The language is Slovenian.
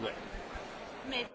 对。没。